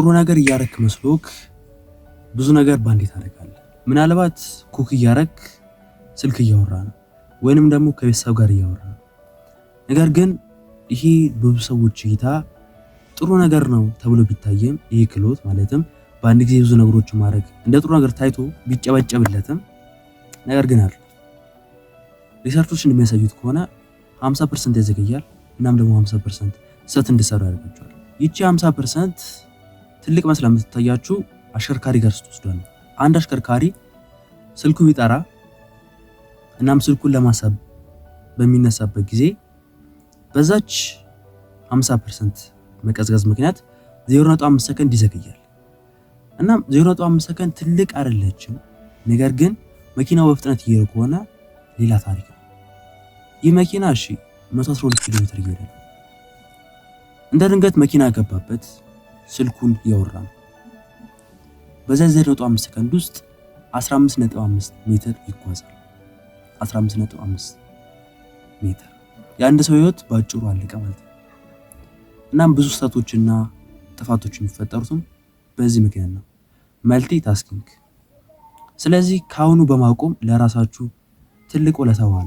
ጥሩ ነገር እያረክ መስሎክ ብዙ ነገር ባንዴ ታደርጋለህ። ምናልባት ኩክ እያረክ ስልክ እያወራ ነው፣ ወይንም ደግሞ ከቤተሰብ ጋር እያወራ ነው። ነገር ግን ይሄ በብዙ ሰዎች እይታ ጥሩ ነገር ነው ተብሎ ቢታየም ይሄ ክህሎት ማለትም በአንድ ጊዜ ብዙ ነገሮች ማድረግ እንደ ጥሩ ነገር ታይቶ ቢጨበጨብለትም ነገር ግን አሉ ሪሰርቾች እንደሚያሳዩት ከሆነ 50 ፐርሰንት ያዘገያል። እናም ደግሞ 50 ፐርሰንት ስህተት እንዲሰሩ ያደርጋቸዋል። ይቺ 50 ፐርሰንት ትልቅ መስላ የምትታያችሁ አሽከርካሪ ጋር ስትወስዷ ነው። አንድ አሽከርካሪ ስልኩ ቢጠራ እናም ስልኩን ለማሳብ በሚነሳበት ጊዜ በዛች 50 መቀዝቀዝ ምክንያት 0.5 ሰከንድ ይዘግያል። እናም 0.5 ሰከንድ ትልቅ አይደለችም። ነገር ግን መኪናው በፍጥነት እየሄደ ከሆነ ሌላ ታሪክ ነው። ይህ መኪና እሺ 112 ኪሎ ሜትር እየሄደ ነው። እንደ ድንገት መኪና ገባበት። ስልኩን ያወራ ነው። በ9.5 ሰከንድ ውስጥ 15.5 ሜትር ይጓዛል። 15 ሜትር የአንድ ሰው ህይወት በአጭሩ አለቀ ማለት ነው። እናም ብዙ ስህተቶችና ጥፋቶች የሚፈጠሩትም በዚህ ምክንያት ነው፣ መልቲ ታስኪንግ። ስለዚህ ከአሁኑ በማቆም ለራሳችሁ ትልቅ ውለታ ዋሉ።